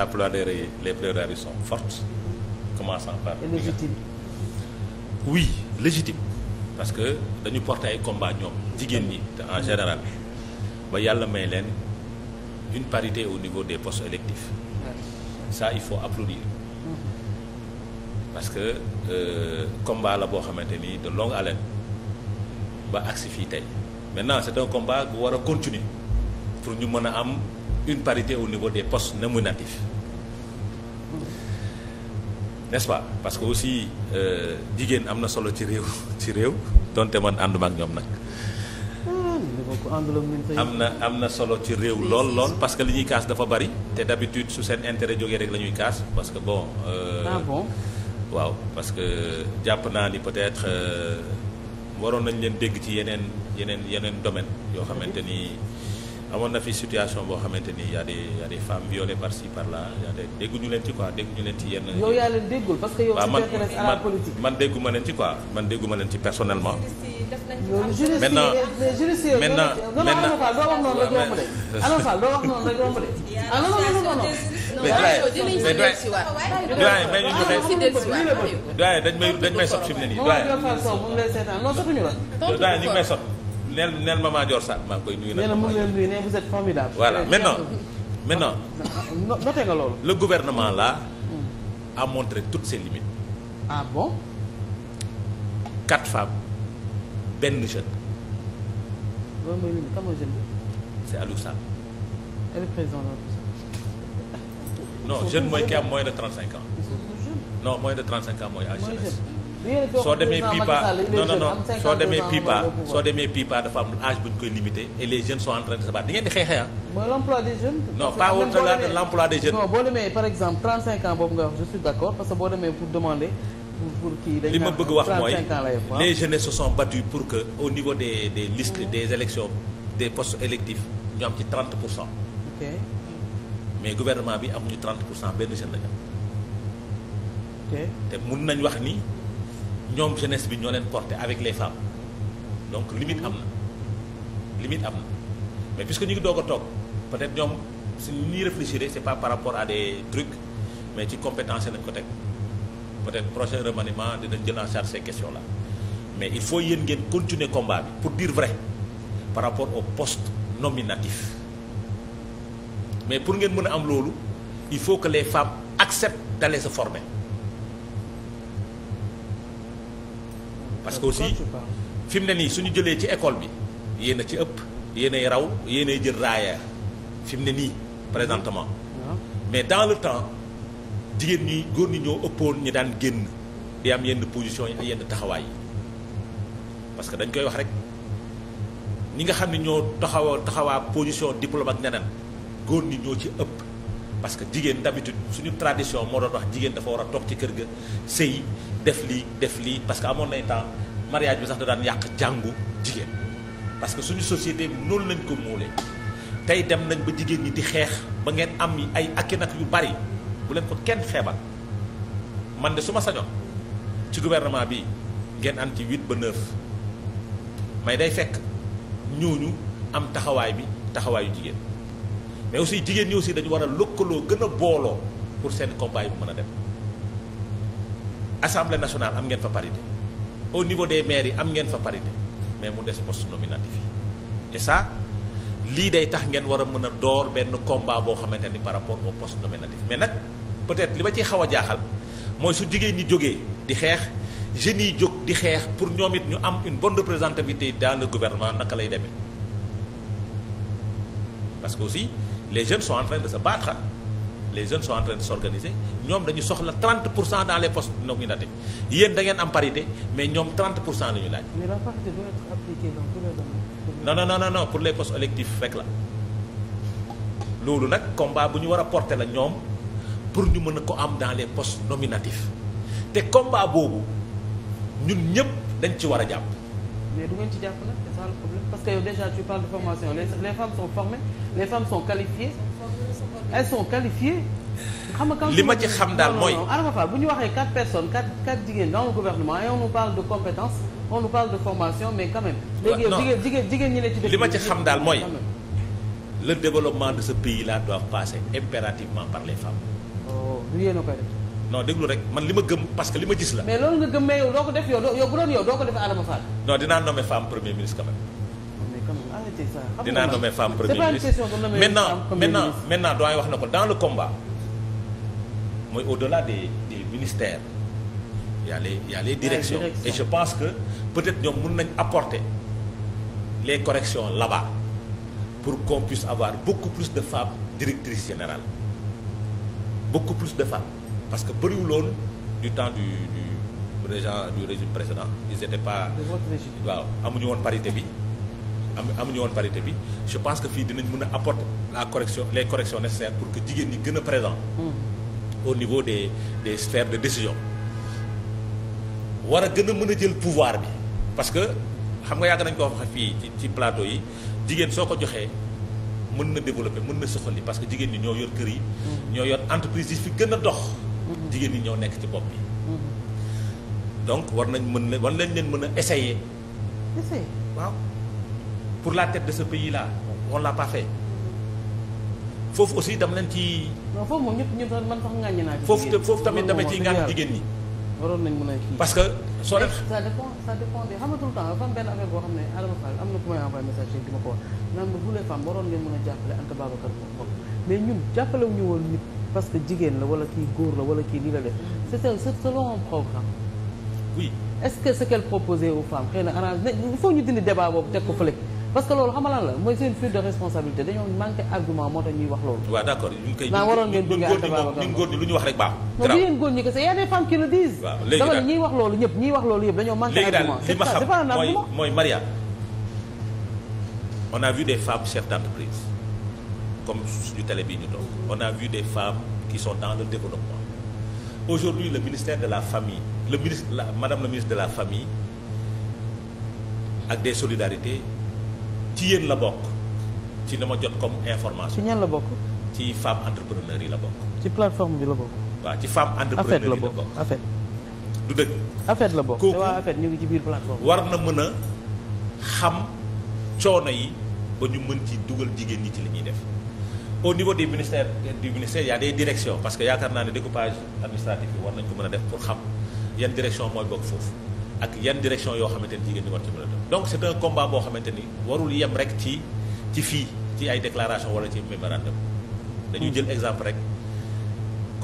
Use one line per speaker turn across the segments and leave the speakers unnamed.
la plaidoirie les plaidoiries sont fortes commençant par. et légitime. oui parce que dañu porte ay combat ñoom jigéen ñi te en général ba yàlla may leen une parité au niveau des postes électifs ça il faut applaudir mm-hmm. parce que euh, combat la boo xamante ni de longue haleine ba agsi fii tey maintenant c'est un combat bu war a continuer pour ñu mën a am une parité au niveau des postes nominatifs n'est-ce pas parce que aussi euh, jigéen am na solo ci réew ci réew donte man ànduma ak ñoom nag. am na am na solo ci réew lool lool parce que li ñuy kaas dafa bari te d'habitude su seen intérêt jóge rek la ñuy kaas parce que euh, ah bon. waaw parce que jàpp naa ni peut-être euh, waroon nañ leen dégg ci yeneen yeneen yeneen domaine yoo xamante ni. amoon na fi situation boo xamante ni y a des y a des femmes par ci par là y a des dégguñu leen ci quoi dégguñu leen ci yenn. yow yaa
leen déggul parce que yow. tu t'intéresses à la
politique man man dégguma leen ci quoi man dégguma leen ci personnellement.
maintenant maintenant maintenant mais
dañ may dañ may sot fi ne nii doyen.
doyen ñu ngi may
sot. neel neel maman Dior Sarr maa ngi koy nuyu. nee na mu ngi leen
nuyu nee vous êtes formidable. voilà eh, maintenant
maintenant. noté nga loolu. le gouvernement là. Hmm. a montré toutes ses limites. ah bon. quatre femmes benn jeune. loolu mooy ki am moins de trente cinq non moins de trente cinq ans mooy. à
soo demee pipa non non non soo demee pipa soo
demee pipa dafa am âge bu ñu koy limité et les jeunes sont en train de se battre di ngeen di xeexee ah.
mooy l'emploi des jeunes. non pas au-delà
de l'emploi des jeunes. non boo
demee par exemple 35 ans boobu nga wax je suis d'accord parce que boo demee pour demander. pour kii li ma bëgg wax mooy les
jeunes se sont battus pour que au niveau des des listes des élections des postes électifs ñu am ci 30 pour cent. ok mais gouvernement bi amuñu 30 pour cent benn jeune la ñu am. ok te mun nañ wax ni. ñoom jeunesse bi ñoo leen porté avec les femmes donc limite am na limite am na mais puisque ñu ngi doog a toog peut-être ñoom suñu ñuy réfléchir c'est pas par rapport à des trucs mais ci compétence nañ ko teg peut-être prochain remaniement dinañ jël en charge ces questions là mais il faut yéen ngeen continuer combat bi pour dire vrai par rapport au poste nominatif mais pour ngeen mën a am loolu il faut que les femmes acceptent d'aller sa former parce que aussi fi mu ne nii suñu jëlee ci école bi yéen a ci ëpp yéenay raw yéenay jël raaya fi mu ne nii présentement mais dans le temps jigéen ñi góor ñi ñoo ëppoon ñi daan génn di am yenn position ak yenn taxawaay yi parce que dañ koy wax rek ni nga xam ne ñoo taxawa taxawaa position diplôme ak neneen góor ñi ñoo ci ëpp parce que jigéen d'habitude suñu tradition moo doon wax jigéen dafa war a toog ci kër ga sëy def lii def lii parce que amoon nay temps mariage bi sax da daan yàq jàngu jigéen parce que suñu société bi noonu lañ ko muulee tey dem nañ ba jigéen ñi di xeex ba ngeen am ay akki nag yu bari bu leen ko kenn xeebal man de su ma sañoon ci gouvernement bi ngeen am ci huit ba neuf mais day fekk ñooñu am taxawaay bi taxawaayu jigéen mais aussi jigéen ñi aussi dañu war a lëkkaloo gën a booloo pour seen combat yi bu mën a dem assemblée nationale am ngeen fa parité au niveau des maire yi am ngeen fa parité mais mu des post nominatif yi et ça lii day tax ngeen war a mën a door benn combat boo xamante ni par rapport au poste nominatif mais nag peut-être li ma ciy xaw a jaaxal mooy su jigéen ñi jógee di xeex jeunes yi jóg di xeex pour ñoom it ñu am une bonne représentativité dans le gouvernement naka lay demee les jeunes sont en train de se battre les jeunes sont en train de s'organiser ñoom dañu soxla 30 pour cent dans les postes nominatifs yéen da ngeen am parité mais ñoom 30 pour cent la ñu laaj.
mais la parité doit être appliquée les
domaines. non non non pour les postes électifs rek la loolu nag combat bu ñu war a porter la ñoom pour ñu mën a ko am dans les postes nominatifs te combat boobu ñun ñëpp dañ ci war a jàpp.
mais du ngeen ci jàpp parce que yow déjà tu parles de formation les les femmes sont les femmes sont qualifiées. elles sont qualifiées. li ma ci xam daal mooy. Adama Fall bu ñu waxee quatre personnes quatre quatre jigéen dans le gouvernement et on nous parle de compétences on nous parle de formation mais quand même. léegi yow jigéen ñi ne li ma ci xam daal mooy.
le développement de ce pays là doit passer impérativement par les femmes. oh du yéen a koy non déglu rek man li ma gëm parce que li ma gis la. mais
loolu nga gëm mais yow doo ko def yow yow bu doon yow doo ko def Adama Fall.
non dinaa nommer femme premier ministre quand
même.
dinaa nommé femme premier ministre maintenant maintenant maintenant doyen wax na ko dans le combat mooy au de la des ministères y a les y direction. et je pense que peut-être ñoom mën nañ apporter les corrections là pour qu'on puisse avoir beaucoup plus de femmes directrices générales beaucoup de femmes parce que bëriwuloon du temps du du régent du régime précédent ils étaient pas. waaw amuñu woon parité bi. am amuñu woon parité bi je pense que fii dinañ mën a apporter la correction les corrections nécessaires pour que jigéen ñi gën a présent. Hmm. au niveau des des sphères de décision. war a gën a mën a jël pouvoir bi parce que xam nga yàgg nañ koo wax fii ci ci plateau yi jigéen soo ko joxee mën na développer mën na soxali parce que jigéen ñi ñoo yor kër yi. Hmm. ñoo yor entreprise yi fi gën a dox. jigéen ñi ñoo nekk ci bopp bi donc war nañ mën na war nañ leen mën a essayer. essayer waaw pour la tête de ce pays là on l'a pas fait foofu aussi dama ci.
non foofu moom ñëpp man sax ngàññi naa. foofu foofu tamit dama ciy ngàññ jigéen ñi. nañ mën a
kii parce que soo def
ça dépend ça dépend de xam nga tout le benn affaire boo xam ne Adama Fall am na ku may envoyé message di ma ko wax naan bu les femmes waroon ngeen mën a jàppale Anta Babacar mais ñun jàppale wu ñu woon parce que jigéen la wala kii góor la wala kii lii la def c'est ce que ce qu'elle proposait aux femmes xëy na arrange il faut ñu dindi débat boobu teg ko fële parce que loolu xamalan la mooy c'est une de responsabilité dañoo manqué argument moo tax ñuy wax loolu
waaw d'accord ñun kay naa waroon
ngeen dugg ñun
góor ñi lu ñu wax rek baax non
du yéen a des femmes qui le disent wax loolu ñëpp ñiy wax loolu yëpp dañoo manqué argument c'est pas un
mooy Maria on a vu des femmes chefs comme suñu télé bii ñu toog on a vu des femmes qui sont dans le développement aujourd'hui le ministère de la famille le ministre la madame la ministre de la famille ak des solidarité ci yéen la bokk ci dama jot comme information. ci ñan la bokk. ci femme entrepreneur yi la bokk.
ci plateforme bi la bokk.
waa ci femme entrepreneur yi la bokk affaire la du dëgg.
affaire la bokk te waa affaire ñu ngi ci biir plateforme
war na mën a xam coono yi ba ñu mën ci dugal jigéen ñi ci li ñuy def. au niveau des ministères du ministère y a des directions parce que yaakaar naa ne découpage administratif bi war nañ ko mën a def pour xam yan direction mooy bokk foofu ak yan direction yoo xamante ni jigéen ñi war ci mën a def donc c'est un combat boo xamante ni warul yem rek ci ci fii ci ay déclaration wala ci mémorandum dañuy jël exemple rek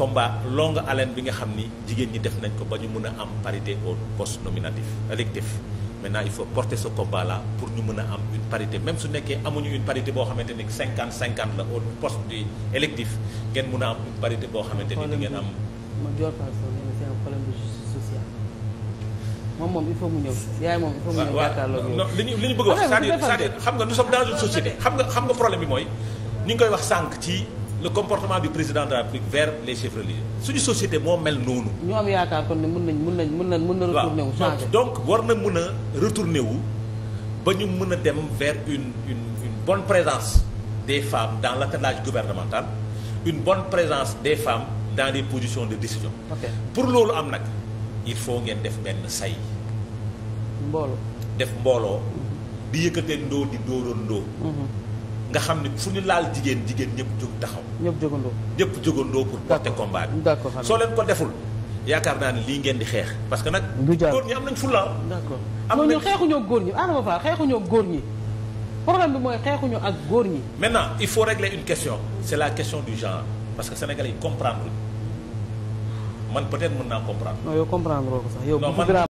combat longue haleine bi nga xam ni jigéen ñi def nañ ko ba ñu mën a am parité au poste nominatif électif maintenant il faut porter ce combat là pour ñu mën a am une parité même su nekkee amuñu une parité boo xamante ni cinquante cinquante la au poste du électif ngeen mën a am une parité boo xamante ni di ngeen am.
ma jox ko c'est un problème de moom moom il faut mu ñëw yaay moom il faut mu ñëw jàkkaarloo non li ñu ñu bëgg wax c'est-à-dire cest xam nga nous sommes daal une société
xam nga xam nga problème bi mooy ñu ngi koy wax sànq ci. le comportement bi président de la République vers les chefs religieux suñu société moo mel noonu.
ñoo am yaakaar kon ne mën nañ mun nañ mën na mën na retourner wu. changer
donc war na mën na retourner wu ba ñu mun a dem vers une une bonne présence des femmes dans l'attelage gouvernemental une bonne présence des femmes dans les positions de décision. Okay. pour loolu am nag il faut ngeen def benn say. mbool def mbooloo. Mhm. di yëkkatee ndoo di dóoroon ndoo. Mhm. nga xam ne fu ñu laal jigéen jigéen ñëpp jóg taxaw. ñëpp jógandoo. ñëpp jógandoo pour porter combat bi. d'accord soo leen ko deful yaakaar naa ne lii ngeen di xeex. parce que nag. du góor ñi am nañ fulla. d'accord
am nañ xeexuñoo góor ñi Adama Fall xeexuñoo góor ñi problème bi mooy xeexuñu
ak góor ñi. maintenant il faut régler une question c'est la question du genre parce que sénégalais yi comprendre man peut-être mën naa comprendre.
non yow comprendre ko sax yow.